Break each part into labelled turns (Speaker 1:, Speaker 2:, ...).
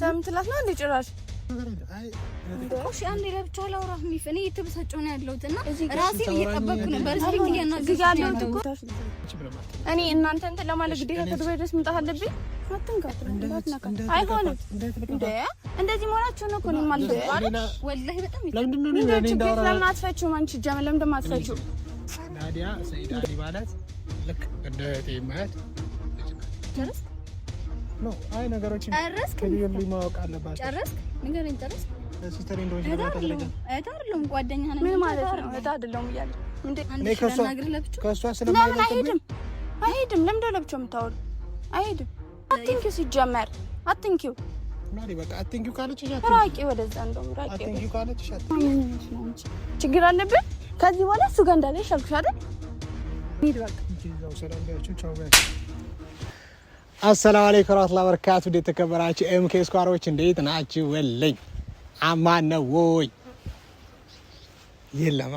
Speaker 1: ሳምንት ነው እንዴ? ጭራሽ እሺ፣ አንዴ ለብቻው ላውራ ሚፍ እኔ እየተበሳጨሁ ነው ያለሁት እና ራሴን እየጠበቅኩ ነው። በርስልክ እያናገርኩ
Speaker 2: ያለሁት እኮ
Speaker 1: እኔ እናንተ እንትን ለማለት ግዴታ ከዱባይ ድረስ መምጣት አለብኝ። አይሆንም እንዴ? እንደዚህ መሆናችሁ ነው እኮ
Speaker 2: ነው። አይ ነገሮችን ማወቅ አለባት።
Speaker 1: ጨረስክ? ንገረኝ። ጨረስክ? ሲስተር እንደሆነ እህት አይደለሁም ጓደኛ ነኝ። ምን ማለት ነው? እህት አይደለሁም እያለ
Speaker 2: ከእሷ ስለማይበልጥ
Speaker 1: አይሄድም። አይሄድም። ለምንድን ነው ለብቻው የምታወሪው? አይሄድም። አትንኪው፣ ሲጀመር አትንኪው ችግር አለብን። ከዚህ በኋላ እሱ ጋር እንዳለሽ አልኩሽ
Speaker 2: አሰላም አለይኩም ወራህመቱላሂ ወበረካቱ። እንዴት ተከበራችሁ ኤምኬ ስኳሮች እንዴት ናችሁ? ወለኝ አማን ነው ወይ? የለማ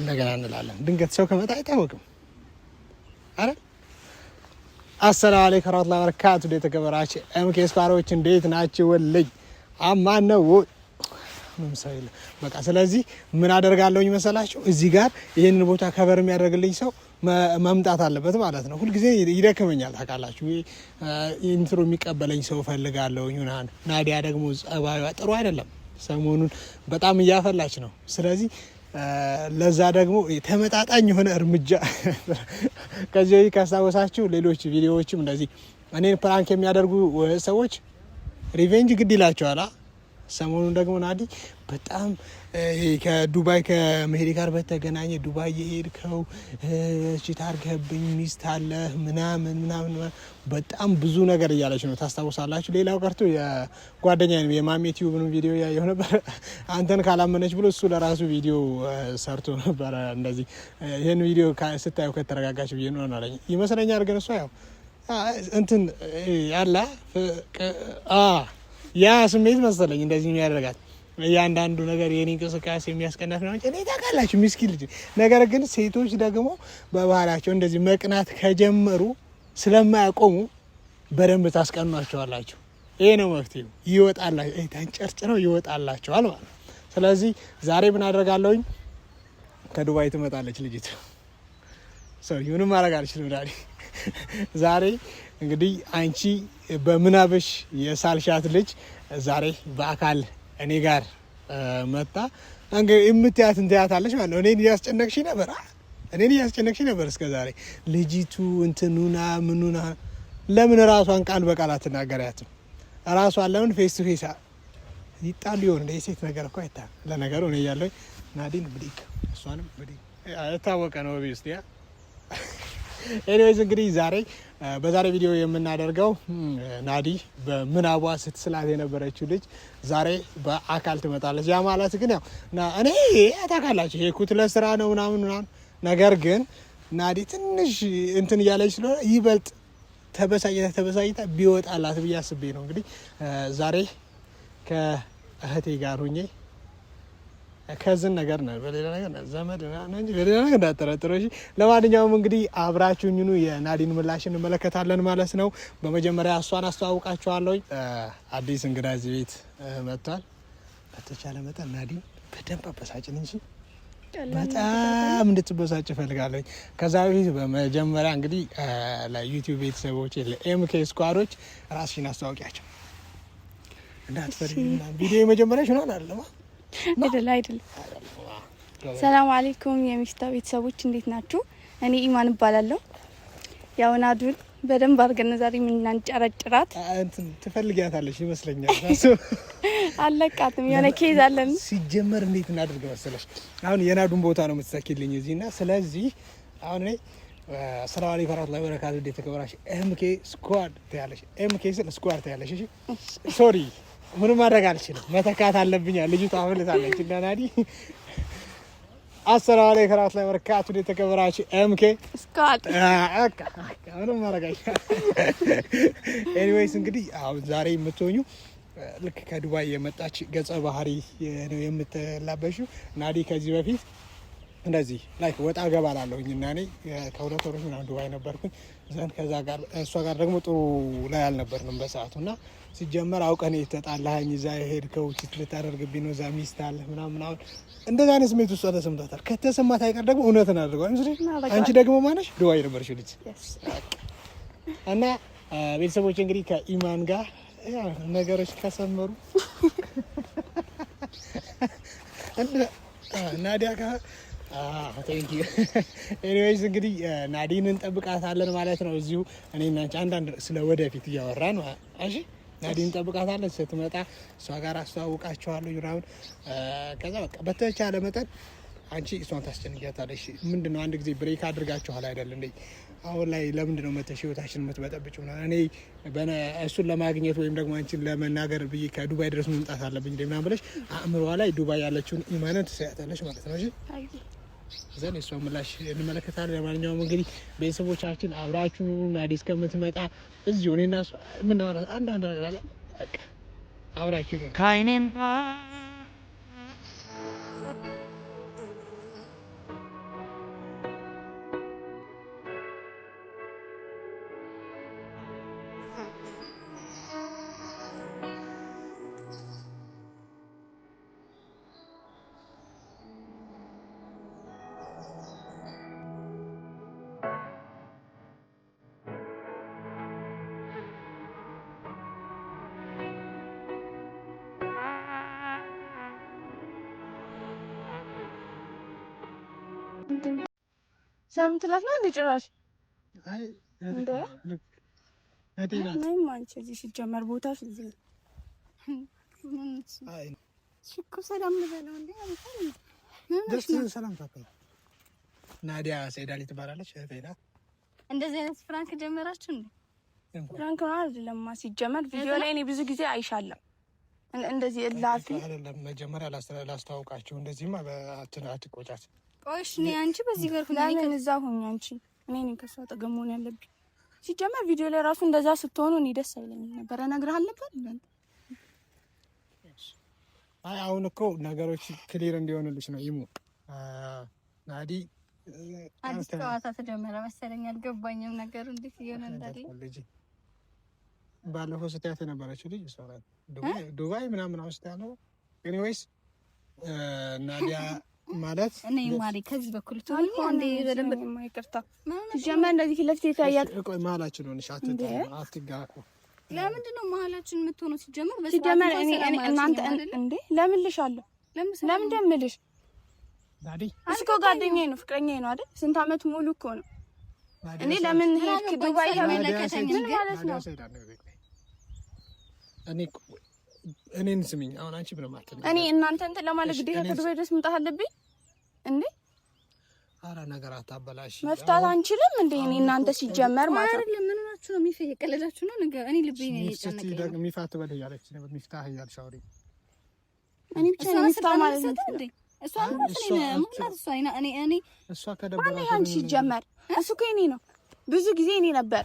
Speaker 2: እንደገና እንላለን። ድንገት ሰው ከመጣ አይታወቅም። አረ አሰላም አለይኩም ወራህመቱላሂ ወበረካቱ። እንዴት ተከበራችሁ ኤምኬ ስኳሮች እንዴት ናችሁ? ወለኝ አማን ነው ወይ? ምንም ሰው የለም። በቃ ስለዚህ ምን አደርጋለሁኝ መሰላችሁ? እዚህ ጋር ይህንን ቦታ ከበር የሚያደርግልኝ ሰው መምጣት አለበት ማለት ነው። ሁልጊዜ ይደክመኛል ታውቃላችሁ። ኢንትሮ የሚቀበለኝ ሰው እፈልጋለሁኝ ምናምን። ናዲያ ደግሞ ጸባዩ ጥሩ አይደለም፣ ሰሞኑን በጣም እያፈላች ነው። ስለዚህ ለዛ ደግሞ ተመጣጣኝ የሆነ እርምጃ ከዚህ በፊት ካስታወሳችሁ ሌሎች ቪዲዮዎችም እንደዚህ እኔን ፕራንክ የሚያደርጉ ሰዎች ሪቬንጅ ግድ ይላቸዋል። ሰሞኑን ደግሞ ናዲ በጣም ከዱባይ ከመሄድ ጋር በተገናኘ ዱባይ የሄድከው ቺት አድርገብኝ ሚስት አለ ምናምን ምናምን በጣም ብዙ ነገር እያለች ነው። ታስታውሳላችሁ። ሌላው ቀርቶ የጓደኛ የማሜ ቲዩብን ቪዲዮ ያየው ነበር። አንተን ካላመነች ብሎ እሱ ለራሱ ቪዲዮ ሰርቶ ነበረ። እንደዚህ ይህን ቪዲዮ ስታየው ከተረጋጋች ብዬ ነው አለኝ ይመስለኛል። ግን እሷ ያው እንትን ያለ ያ ስሜት መሰለኝ እንደዚህ የሚያደርጋት እያንዳንዱ ነገር የኔ እንቅስቃሴ የሚያስቀናት ነው። እኔ ታውቃላችሁ ምስኪን ልጅ። ነገር ግን ሴቶች ደግሞ በባህላቸው እንደዚህ መቅናት ከጀመሩ ስለማያቆሙ በደንብ ታስቀኗቸዋላችሁ። ይሄ ነው መፍትሄው። ይወጣላችሁ፣ ታንጨርጭረው ይወጣላቸዋል ማለት ነው። ስለዚህ ዛሬ ምን አደርጋለሁኝ? ከዱባይ ትመጣለች ልጅት። ሰው ምንም ማድረግ አልችልም ዛሬ እንግዲህ አንቺ በምናብሽ የሳልሻት ልጅ ዛሬ በአካል እኔ ጋር መጣ። እንግዲህ የምትያት እንትያታለች ማለት ነው። እኔን እያስጨነቅሽ ነበር፣ እኔን እያስጨነቅሽ ነበር እስከ ዛሬ ልጅቱ እንትኑና ምኑና። ለምን ራሷን ቃል በቃል አትናገሪያትም? ራሷን ለምን ፌስ ቱ ፌስ ይጣሉ ይሆን? እንደ የሴት ነገር እኮ አይታ ለነገሩ እኔ እያለሁኝ ናዲን ብዲግ እሷንም ብዲግ የታወቀ ነው ቤስቲያ ኤኒዌይዝ እንግዲህ ዛሬ በዛሬ ቪዲዮ የምናደርገው ናዲ በምናቧ ስትስላት የነበረችው ልጅ ዛሬ በአካል ትመጣለች። ያ ማለት ግን ያው እኔ ታውቃላችሁ ይሄ ኩትለ ነው ምናምን ምናምን፣ ነገር ግን ናዲ ትንሽ እንትን እያለች ስለሆነ ይበልጥ ተበሳጭታ ተበሳጭታ ቢወጣላት ብዬ አስቤ ነው እንግዲህ ዛሬ ከእህቴ ጋር ሁኜ ከዝን ነገር ነ በሌላ ነገር ዘመድ እንጂ በሌላ ነገር እንዳጠረጥረ። ለማንኛውም እንግዲህ አብራችሁኝኑ የናዲን ምላሽ እንመለከታለን ማለት ነው። በመጀመሪያ እሷን አስተዋውቃችኋለሁ። አዲስ እንግዳ እዚህ ቤት መጥቷል። በተቻለ መጠን ናዲን በደንብ አበሳጭን እንጂ በጣም እንድትበሳጭ እፈልጋለሁ። ከዛ በፊት በመጀመሪያ እንግዲህ ለዩቲዩብ ቤተሰቦች ለኤምኬ ስኳሮች ራስሽን አስተዋውቂያቸው እንዳትፈሪ። ቪዲዮ የመጀመሪያ ሽናን አለማ
Speaker 1: አይደለ አይደለ። ሰላም አለይኩም የሚፍታ ቤተሰቦች እንዴት ናችሁ? እኔ ኢማን እባላለሁ። ያው ናዱን በደንብ አድርገን ዛሬ የምናንጨረጭራት
Speaker 2: እንትን ትፈልጊያታለሽ ይመስለኛል።
Speaker 1: አለቃትም የሆነ ኬዝ አለን።
Speaker 2: ሲጀመር እንዴት እናደርግ መሰለሽ፣ አሁን የናዱን ቦታ ነው የምትሳኪልኝ እዚህ እና ስለዚህ አሁን እኔ ሰላም አለይኩም ወራህመቱላሂ ወበረካቱ። እንዴት ተከበራሽ? ኤምኬ ስኳድ ትያለሽ። ኤምኬ ስል ስኳድ ትያለሽ። እሺ ሶሪ ምንም ማድረግ አልችልም። መተካት አለብኛ። ልጅቷ አፍልታለች እና ናዲ አሰላሙ አለይኩም ወራህመቱላሂ ወበረካቱ። የተከበራችሁ ኤምኬ ስኳድ ምንም ማድረግ ኤኒዌይስ፣ እንግዲህ አሁን ዛሬ የምትሆኙ ልክ ከዱባይ የመጣች ገጸ ባህሪ ነው የምትላበሹ ናዲ ከዚህ በፊት እንደዚህ ላይክ ወጣ ገባ ላለሁኝ እና እኔ ከሁለት ወሮች ምናምን ዱባይ ነበርኩኝ። ዘንድ ከዛ ጋር እሷ ጋር ደግሞ ጥሩ ላይ አልነበርንም በሰዓቱ እና ሲጀመር አውቀን የተጣላኸኝ እዛ የሄድከው ቺት ልታደርግብኝ ነው እዛ ሚስት አለ ምናምን አሁን እንደዛ አይነት ስሜት ውስጥ ተሰምታታል። ከተሰማት አይቀር ደግሞ እውነትን አድርገዋል። አንቺ ደግሞ ማነሽ ድዋይ ነበርሽ ልጅ እና ቤተሰቦች እንግዲህ ከኢማን ጋር ነገሮች ከሰመሩ ናዲያ ጋር ኤኒዌይስ እንግዲህ ናዲን እንጠብቃታለን ማለት ነው። እዚሁ እኔና አንዳንድ ስለ ወደፊት እያወራን እሺ፣ ናዲን እንጠብቃታለን። ስትመጣ እሷ ጋር አስተዋውቃችኋለሁ ዩራውን። ከዛ በቃ በተቻለ መጠን አንቺ እሷን ታስጨንቂያታለሽ። ምንድን ነው አንድ ጊዜ ብሬክ አድርጋችኋል አይደል እንዴ? አሁን ላይ ለምንድን ነው መተሽ ህይወታችን የምትበጠብጭ? እኔ እሱን ለማግኘት ወይም ደግሞ አንቺን ለመናገር ብዬ ከዱባይ ድረስ መምጣት አለብኝ ምናምን ብለሽ አእምሯ ላይ ዱባይ ያለችውን ኢማንን ትሰያታለሽ ማለት ነው። እሺ ዘን እሷ ምላሽ እንመለከታለን። ለማንኛውም እንግዲህ ቤተሰቦቻችን አብራችሁን አዲስ ከምትመጣ እዚሁ ሆኔ እሷ ምናወራ አንዳንድ ነገር አብራችሁ
Speaker 1: ከአይኔም ሳምንት ነው እንደ ጭራሽ
Speaker 2: ምንም
Speaker 1: አንቺ እዚህ ሲጀመር ቦታሽ ሽኩ ሰላም ልበለው እንዴ
Speaker 2: ደስ ሰላም ታካይ ናዲያ ሰይዳሊ ትባላለች። ሄዳ
Speaker 1: እንደዚህ አይነት ፍራንክ ጀመራችሁ እንዴ? ፍራንክ ነው አይደለማ። ሲጀመር ቪዲዮ ላይ እኔ ብዙ ጊዜ አይሻለም እንደዚህ እላፊ
Speaker 2: አይደለም። መጀመሪያ ላስተዋውቃችሁ እንደዚህማ አትቆጫት
Speaker 1: ቆይሽ ነው አንቺ በዚህ ጋር ሁሉ ላይ ከዛ ሆኝ አንቺ እኔ ነኝ ከሷ አጠገብ መሆን ያለብኝ። ሲጀመር ቪዲዮ ላይ ራሱ እንደዛ ስትሆኑ እኔ ደስ አይለኝም ነበር። እነግርሃለሁ ነበር።
Speaker 2: አይ አሁን እኮ ነገሮች ክሊር እንዲሆንልሽ ነው። ይሙ ናዲ
Speaker 1: አዲስ ጨዋታ ተጀመረ መሰለኝ። አልገባኝም ነገሩ እንዴት እየሆነ እንዳለ
Speaker 2: ባለፈው ስታያት የነበረችው ልጅ ዱባይ ምናምን አውስታ ነው። ኤኒዌይስ ናዲያ ማለት
Speaker 1: እኔ ማሪ ከዚህ በኩል እንደዚህ ለፍት የታያል
Speaker 2: ቆይ መሀላችን ሆነሽ አትጋቁ
Speaker 1: ለምንድን ነው መሀላችን የምትሆነው ሲጀመር ሲጀመር እናንተ እንዴ ለምን ልሻለሁ ለምን ደምልሽ እስኮ ጓደኛዬ ነው ፍቅረኛዬ ነው አይደል ስንት አመት ሙሉ እኮ ነው እኔ ለምን ሄድክ ዱባይ
Speaker 2: ተመለከተኝ ማለት ነው እኔ እኔን ስሚኝ፣ አሁን አንቺ ብለህ ማትነግሪኝ
Speaker 1: እኔ እናንተ እንትን ለማለት ግዴታ ከዱባይ ድረስ መምጣት አለብኝ እንዴ?
Speaker 2: ኧረ ነገር አታበላሽ።
Speaker 1: መፍታት አንችልም እንዴ? እኔ እናንተ ሲጀመር ማለት ነው። ምን ሆናችሁ ነው? ሚፍታ እየቀለዳችሁ ነው? ነገር እኔ ልቤ ነው። ነው ማለት ነው እንዴ? እሷ እኔ እኔ እሷ ሲጀመር እሱ ከኔ ነው። ብዙ ጊዜ እኔ ነበር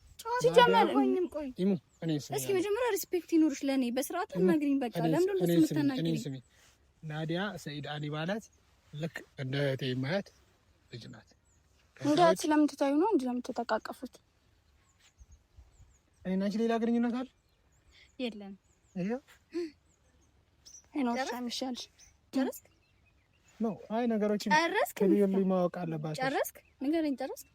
Speaker 1: እስኪ መጀመሪያ ሪስፔክት ይኑርሽ ለኔ በስርዓት በቃ ለምንድን
Speaker 2: ነው የምታናግሪኝ? ስሚ ናዲያ ሰኢድ አሊ ባላት ልክ እንደ እህቴ የማያት ልጅ ናት።
Speaker 1: ነው እንጂ ለምትተቃቀፉት
Speaker 2: አንቺ ሌላ ግንኙነት አለ የለም? ይሄ ጨረስክ ነው? አይ ነገሮችን ጨረስክ፣ ማወቅ አለባቸው።
Speaker 1: ጨረስክ ንገረኝ፣ ጨረስክ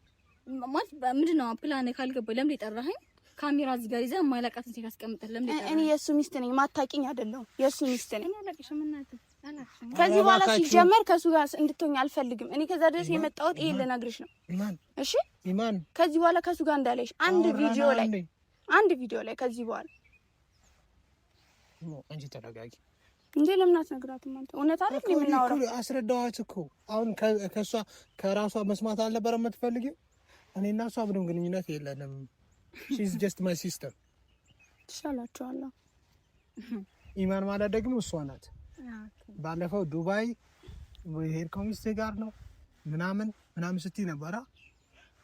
Speaker 1: ማለት ምንድን ነው ፕላን ካልገባ ለምን የጠራኸኝ? ካሜራ እዚህ ጋር ይዘህ የማላውቃትን ሴት አስቀምጠህ ለምን የጠራኸኝ? እኔ የእሱ ሚስት ነኝ፣ ማታውቂኝ አይደለሁም። የእሱ ሚስት ነኝ። ከዚህ በኋላ ሲጀመር ከእሱ ጋር እንድትሆኝ አልፈልግም። እኔ ከዛ ድረስ የመጣሁት ይሄን ልነግርሽ ነው። እሺ ኢማን፣ ከዚህ በኋላ ከእሱ ጋር እንዳለሽ አንድ ቪዲዮ ላይ አንድ ቪዲዮ ላይ ከዚህ በኋላ
Speaker 2: እንጂ ተረጋጊ
Speaker 1: እንዴ ለምን አትነግራትም? አንተ እውነት
Speaker 2: አይደል የምናወራው? አስረዳኋት እኮ አሁን ከእሷ ከራሷ መስማት አልነበረ የምትፈልጊው እኔና እሷ ምንም ግንኙነት የለንም። ሺዝ ጀስት ማይ ሲስተር።
Speaker 1: ትሻላችኋለሁ።
Speaker 2: ኢማን ማለት ደግሞ እሷ ናት። ባለፈው ዱባይ ሄድ ከሚስት ጋር ነው ምናምን ምናምን ስትይ ነበራ።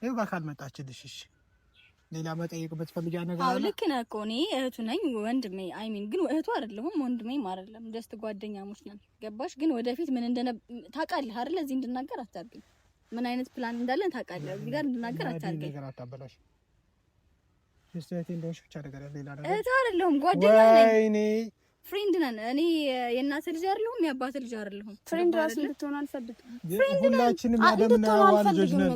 Speaker 2: ይኸው በአካል መጣችልሽ። እሺ ሌላ መጠየቅ ብትፈልጊ ነገር
Speaker 1: አለ። ልክ ነህ እኮ እኔ እህቱ ነኝ ወንድሜ። አይ ሚን ግን እህቱ አይደለሁም ወንድሜም አይደለም። ደስት ጓደኛሞች ነን። ገባሽ? ግን ወደፊት ምን እንደነ ታውቃለህ አይደል? እዚህ እንድናገር አታርግኝ ምን አይነት ፕላን እንዳለን ታውቃለህ። እዚህ ጋር እንድናገር አታርገኝ ነገር አታበላሽ።
Speaker 2: ስቴት እንደሆንሽ ብቻ ነገር ሌላ
Speaker 1: ነገር እህት አይደለሁም፣ ጓደኛ ነኝ፣ ፍሬንድ ነን። እኔ የእናት ልጅ አይደለሁም፣ የአባት ልጅ አይደለሁም። ፍሬንድ ራስ እንድትሆን አልፈልግም። ፍሬንድ ሁላችንም አደምናዋ ልጆች ነን።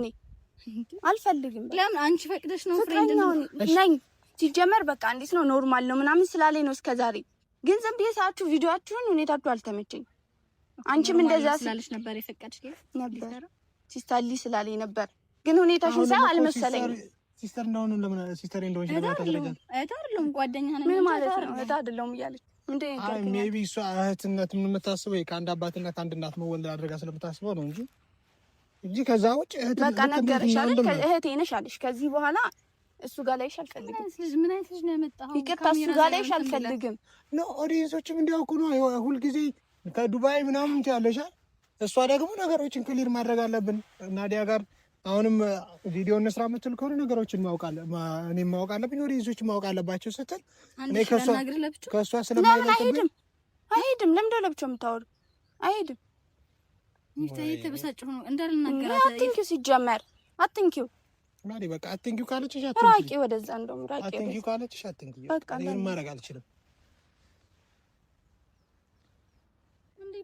Speaker 1: አልፈልግም። ለምን አንቺ ፈቅደሽ ነው? ፍሬንድ ነኝ ሲጀመር በቃ እንዴት ነው ኖርማል ነው ምናምን ስላለኝ ነው እስከ ዛሬ። ግን ዝም ብዬ ሰዓችሁ ቪዲዮአችሁን ሁኔታችሁ አልተመቸኝ። አንቺም እንደዛ ስላለሽ ነበር የፈቀድሽ ነበር ሲስተር ሊ ስላለኝ ነበር። ግን ሁኔታሽን ሳይ አልመሰለኝም።
Speaker 2: ሲስተር እንደሆኑ ለምን ሲስተር እንደሆነ
Speaker 1: አይደለም ጓደኛ ነኝ ምን ማለት ነው? እህት አይደለም እያለች
Speaker 2: ሜቢ ቢ እሷ እህትነት የምታስበው ከአንድ አባትና ከአንድ እናት መወለድ አድርጋ ስለምታስበው ነው እንጂ እንጂ ከዛ ውጭ እህት
Speaker 1: በቃ ነገርሽ አይደል እህቴ ነሽ አለሽ። ከዚህ በኋላ እሱ ጋር ላይሽ አልፈልግም። ምን አይነት ልጅ ነው የመጣው? ይቅርታ እሱ ጋር ላይሽ አልፈልግም።
Speaker 2: ኦዲየንሶችም እንዲያውቁ ነው ሁልጊዜ ከዱባይ ምናምን ትያለሻል እሷ ደግሞ ነገሮችን ክሊር ማድረግ አለብን። ናዲያ ጋር አሁንም ቪዲዮ እንስራ የምትል ከሆነ ነገሮችን እኔ ማወቅ አለብኝ፣ ወደ ይዞች ማወቅ አለባቸው ስትል ከእሷ ስለማይለብም
Speaker 1: አይሄድም። ለምደ ለብቻው የምታወሩ አይሄድም። ተበሳጭሁ ሲጀመር አትንኪው
Speaker 2: ናዲ፣ በቃ አትንኪው ካለችሽ
Speaker 1: ራቂ፣ ወደዛ እንደውም
Speaker 2: ራቂ ካለችሽ አትንኪው። ይሄን ማድረግ አልችልም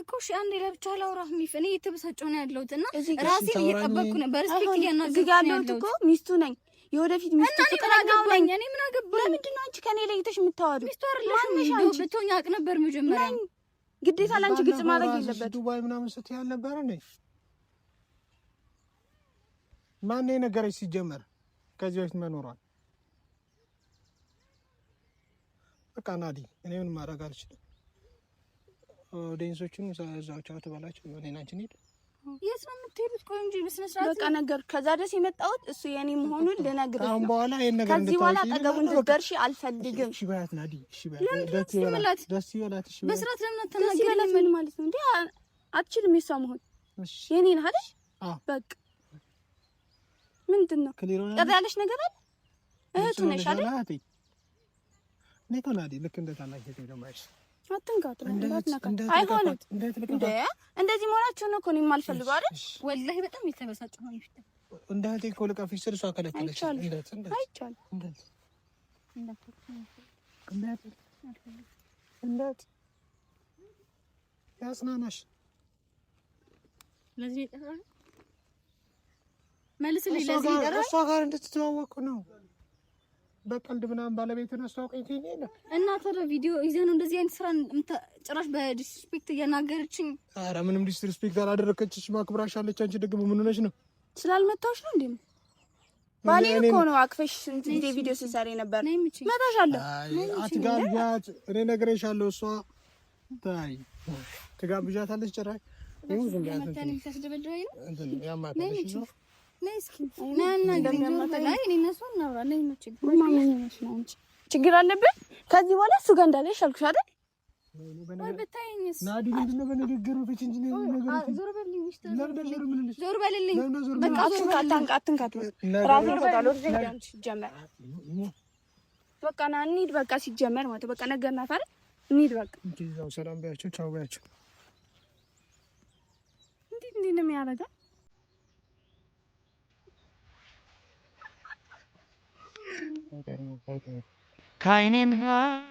Speaker 1: እኮ እሺ፣ አንዴ ለብቻ ላውራ። እኔ የተበሳጨው ነው ያለሁት እና ራሴን እየጠበቅኩ ነው። በሪስፔክት እያናገርኩ ያለሁት እኮ ሚስቱ ነኝ የወደፊት ሚስቱ ፍቅር አገባኝ። እኔ ምን አገባኝ? ለምንድን ነው አንቺ ከኔ ለይተሽ የምታወሪው? ሚስቱ አንቺ። ብትሆኝ አቅ ነበር መጀመሪያ። ግዴታ ለአንቺ ግልጽ ማድረግ
Speaker 2: የለበት ዱባይ ምናምን ስትይ አልነበረ እንዴ? ማነው የነገረች ሲጀመር? ከዚህ በፊት መኖሯል። በቃ ናዲ፣ እኔ ምን ማድረግ አልችልም። ዴንሶችን እዛው ቻው ትበላችሁ። እኔና አንቺ እንሂድ።
Speaker 1: የት ነው የምትሄዱት? ቆይ እንጂ በስነ ስርዓት በቃ ነገር ከዛ ደስ የመጣሁት እሱ የኔ መሆኑን ልነግርህ ነው።
Speaker 2: አሁን በኋላ ይሄን ነገር
Speaker 1: ከዚህ በኋላ አጠገቡን ትደርሺ አልፈልግም።
Speaker 2: እሺ በያት ናዲ፣ እሺ
Speaker 1: በያት። ደስ
Speaker 2: ይበላት፣ ደስ ይበላት። እሺ
Speaker 1: በስርዓት ለምን አትናገሪም? ምን ማለት ነው እንዴ? አትችልም የሷ መሆን። እሺ የኔ ነህ አይደል? በቃ ምንድን ነው ቅር ያለሽ ነገር አለ? እህቱ ነሽ አይደል?
Speaker 2: እኔ እኮ ናዲ ልክ እንደ ታናሽ ነው የማይሽ
Speaker 1: አትንካት። አይሆንም። እንደዚህ መሆናችሁን እኮ ነው የማልፈልገው አይደል? ወላሂ በጣም የተበሳጭ
Speaker 2: እንደ እህቴ እኮ ልቀፊሽ ስል እሷ ከለከለች። ያጽናናሽ መልስ እሷ ጋር እንድትተዋወቁ ነው በቀልድ ምናምን ባለቤት ነው አስተዋውቀኝ ትይኝ ነው
Speaker 1: እና ታዲያ ቪዲዮ ይዘህ ነው እንደዚህ አይነት ስራ ጭራሽ በዲስሪስፔክት እየናገረችኝ።
Speaker 2: ኧረ ምንም ዲስሪስፔክት አላደረከችሽ፣ አለች። አንቺ ደግሞ ምን ሆነሽ ነው?
Speaker 1: ስላልመታሁሽ ነው እንዴ? ማኔ እኮ ነው አቅፈሽ እንትን ቪዲዮ ሲሰራ ነበር። መታሻለሁ።
Speaker 2: አትጋብዣት፣ እኔ ነግሬሻለሁ። እሷ ታይ ትጋብዣታለች። ጭራሽ ይሁን ዝም ብላ ነው
Speaker 1: ችግር አለብን። ከዚህ በኋላ እሱ ጋር እንዳለሽ አልኩሽ አይደል? በቃ ና እንሂድ። በቃ ሲጀመር ማለት በቃ ነገር ናት እንሂድ በቃ
Speaker 2: ሰላም በያቸው፣ ቻው በያቸው።
Speaker 1: እንዴት እንዴት ነው የሚያደርጋል Keinen Haar.